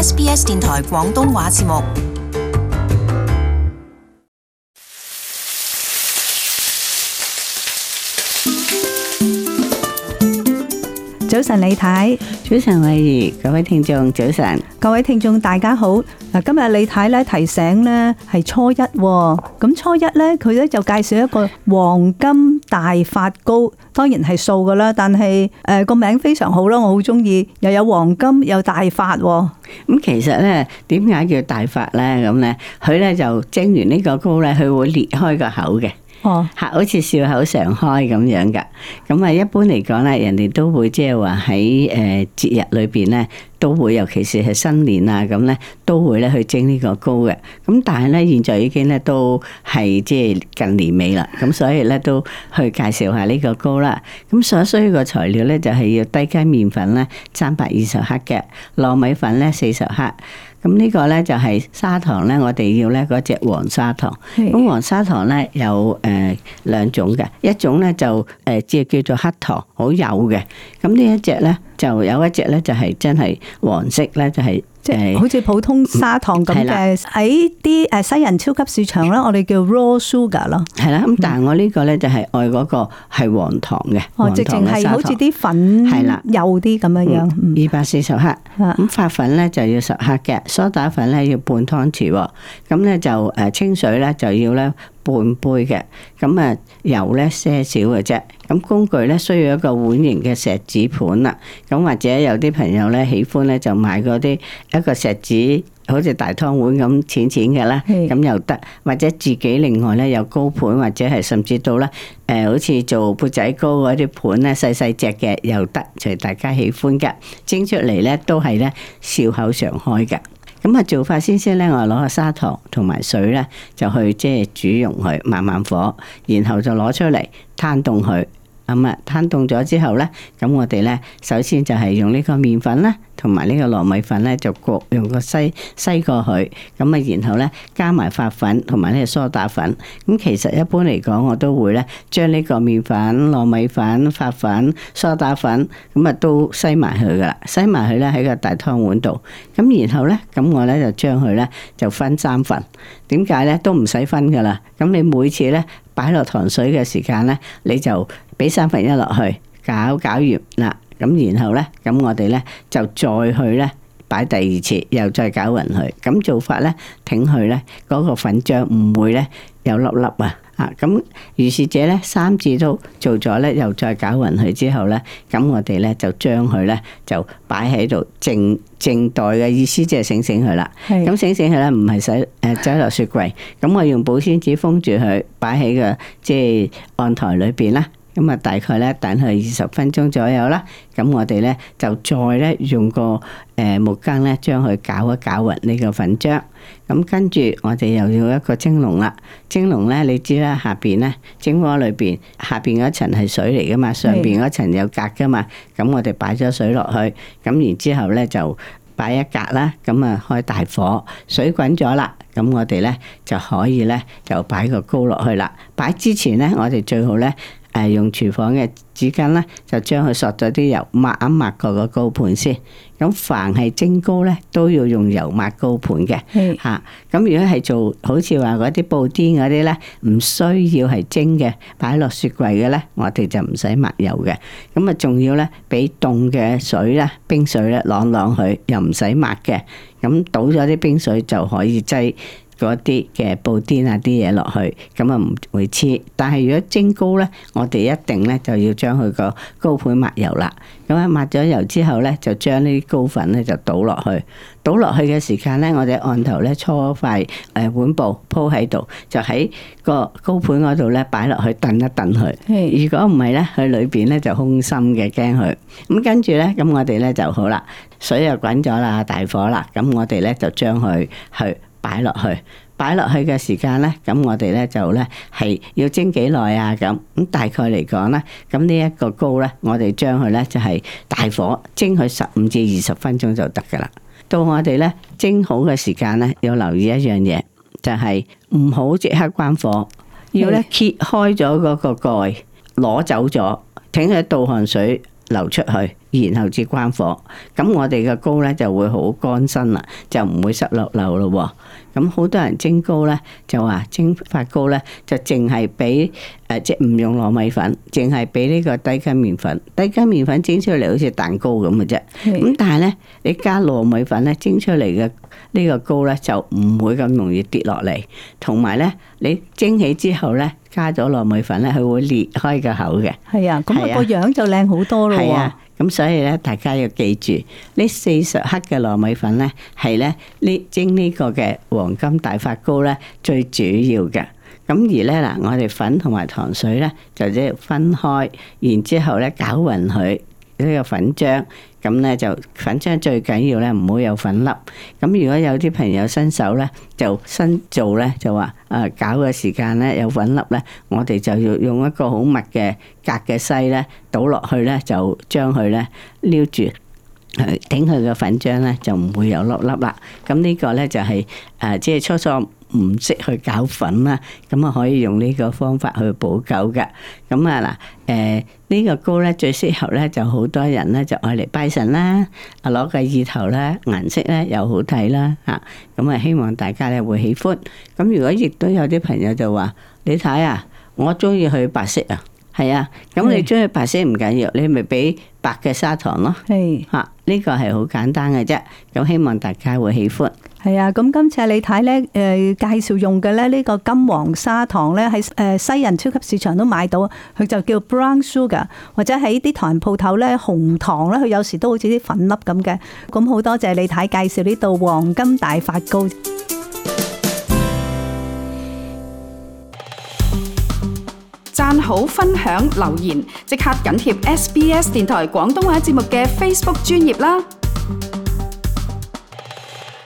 SBS 電台廣東話節目。早晨，李太。早晨，麗儀，各位聽眾，早晨，各位聽眾，大家好。嗱，今日李太咧提醒咧，係初一。咁初一咧，佢咧就介紹一個黃金大發糕，當然係素噶啦。但係誒個名非常好啦，我好中意，又有黃金又大發。咁其實咧，點解叫大發咧？咁咧，佢咧就蒸完呢個糕咧，佢會裂開個口嘅。哦，吓，好似笑口常開咁樣噶。咁啊，一般嚟講咧，人哋都會即係話喺誒節日裏邊咧，都會，尤其是係新年啊咁咧，都會咧去蒸呢個糕嘅。咁但係咧，現在已經咧都係即係近年尾啦，咁所以咧都去介紹下呢個糕啦。咁所需個材料咧，就係要低筋麵粉咧，三百二十克嘅，糯米粉咧，四十克。咁呢個咧就係砂糖咧，我哋要咧嗰隻黃砂糖。咁的黃砂糖咧有誒兩種嘅，一種咧就誒即係叫做黑糖，好幼嘅。咁呢一隻咧。就有一隻咧，就係真係黃色咧，就係即係好似普通砂糖咁嘅，喺啲誒西人超級市場啦，我哋叫 raw sugar 咯的。係啦、嗯，咁但係我呢個咧就係愛嗰個係黃糖嘅，哦、黃糖嘅砂糖直情係好似啲粉，係啦幼啲咁樣樣。二百四十克，咁的發粉咧就要十克嘅，梳打粉咧要半湯匙喎。咁咧就誒清水咧就要咧。半杯嘅，咁啊油咧些少嘅啫，咁工具咧需要一個碗型嘅錫紙盤啦，咁或者有啲朋友咧喜歡咧就買嗰啲一個錫紙，好似大湯碗咁淺淺嘅啦，咁又得，或者自己另外咧有高盤或者係甚至到啦，誒好似做缽仔糕嗰啲盤咧細細隻嘅又得，隨大家喜歡嘅，蒸出嚟咧都係咧笑口常開嘅。咁啊，做法先先咧，我係攞個砂糖同埋水咧，就去即係煮溶佢，慢慢火，然後就攞出嚟攤凍佢。咁啊，攤凍咗之後咧，咁我哋咧首先就係用呢個麵粉咧，同埋呢個糯米粉咧，就各用個篩篩過去。咁啊，然後咧加埋發粉同埋呢個梳打粉。咁其實一般嚟講，我都會咧將呢個麵粉、糯米粉、發粉、梳打粉咁啊都篩埋佢噶啦，篩埋佢咧喺個大湯碗度。咁然後咧，咁我咧就將佢咧就分三份。點解咧？都唔使分噶啦。咁你每次咧擺落糖水嘅時間咧，你就。俾三分一落去，搞搞完嗱，咁然後咧，咁我哋咧就再去咧擺第二次，又再攪勻佢。咁做法咧，挺佢咧，嗰個粉漿唔會咧有粒粒啊。啊，咁如是者咧，三次都做咗咧，又再攪勻佢之後咧，咁我哋咧就將佢咧就擺喺度靜靜待嘅意思，即係醒醒佢啦。咁是的 醒醒佢咧，唔係使誒，走落雪櫃。咁、啊、我用保鮮紙封住佢，擺喺個即係案台裏邊啦。咁啊，大概咧等佢二十分鐘左右啦。咁我哋咧就再咧用個誒木羹咧將佢攪一攪勻呢個粉漿。咁跟住我哋又要一個蒸籠啦。蒸籠咧，你知啦，下邊咧蒸鍋裏邊下邊嗰層係水嚟噶嘛，上邊嗰層有格噶嘛。咁我哋擺咗水落去，咁然之後咧就擺一格啦。咁啊，開大火，水滾咗啦。咁我哋咧就可以咧就擺個糕落去啦。擺之前咧，我哋最好咧。誒用廚房嘅紙巾咧，就將佢索咗啲油抹一抹個個高盤先。咁凡係蒸糕咧，都要用油抹高盤嘅嚇。咁是、啊、如果係做好似話嗰啲布丁嗰啲咧，唔需要係蒸嘅，擺落雪櫃嘅咧，我哋就唔使抹油嘅。咁啊，仲要咧俾凍嘅水咧，冰水咧，涼涼佢又唔使抹嘅。咁倒咗啲冰水就可以製。嗰啲嘅布丁啊啲嘢落去，咁啊唔會黐。但係如果蒸糕咧，我哋一定咧就要將佢個糕盤抹油啦。咁啊抹咗油之後咧，就將呢啲糕粉咧就倒落去。倒落去嘅時間咧，我哋按頭咧搓一塊誒碗布鋪喺度，就喺個糕盤嗰度咧擺落去燉一燉佢。如果唔係咧，佢裏邊咧就空心嘅，驚佢。咁跟住咧，咁我哋咧就好啦。水又滾咗啦，大火啦。咁我哋咧就將佢去。擺落去，擺落去嘅時間呢，咁我哋呢就呢係要蒸幾耐啊？咁咁大概嚟講呢，咁呢一個糕呢，我哋將佢呢就係大火蒸佢十五至二十分鐘就得噶啦。到我哋呢蒸好嘅時間呢，要留意一樣嘢，就係唔好即刻關火，是要呢揭開咗嗰個蓋，攞走咗，等佢倒汗水流出去。然後至關火，咁我哋嘅糕咧就會好乾身啦，就唔會濕漉漉咯喎。咁好多人蒸糕咧就話蒸發糕咧就淨係俾誒即係唔用糯米粉，淨係俾呢個低筋麵粉，低筋麵粉蒸出嚟好似蛋糕咁嘅啫。咁但係咧你加糯米粉咧蒸出嚟嘅呢個糕咧就唔會咁容易跌落嚟，同埋咧你蒸起之後咧加咗糯米粉咧佢會裂開個口嘅。係啊，咁啊個樣就靚好多咯。係啊。咁所以咧，大家要記住，呢四十克嘅糯米粉咧，係呢蒸呢個嘅黃金大發糕咧最主要嘅。咁而咧嗱，我哋粉同埋糖水咧，就即係分開，然之後咧攪勻佢。呢個粉漿，咁咧就粉漿最緊要咧唔好有粉粒。咁如果有啲朋友新手咧，就新做咧就話誒搞嘅時間咧有粉粒咧，我哋就要用一個好密嘅隔嘅篩咧倒落去咧，就將佢咧撩住，頂佢嘅粉漿咧就唔會有粒粒啦。咁、這、呢個咧就係、是、誒即係初初。唔識去搞粉啦，咁啊可以用呢個方法去補救嘅。咁啊嗱，誒、呃、呢、呢個糕咧最適合咧，就好多人咧就愛嚟拜神啦，啊攞個意頭啦，顏色咧又好睇啦嚇。咁啊希望大家咧會喜歡。咁如果亦都有啲朋友就話：你睇啊，我中意去白色啊，係啊。咁你中意白色唔緊要，你咪俾白嘅砂糖咯。係嚇，呢個係好簡單嘅啫。咁希望大家會喜歡。是係啊，咁今次李太咧，誒、呃、介紹用嘅咧，呢個金黃砂糖咧喺誒西人超級市場都買到，佢就叫 Brown Sugar，或者喺啲唐人鋪頭咧紅糖咧，佢有時都好似啲粉粒咁嘅。咁好多謝李太介紹呢度黃金大發糕，讚好分享留言，即刻緊貼 SBS 電台廣東話節目嘅 Facebook 專頁啦。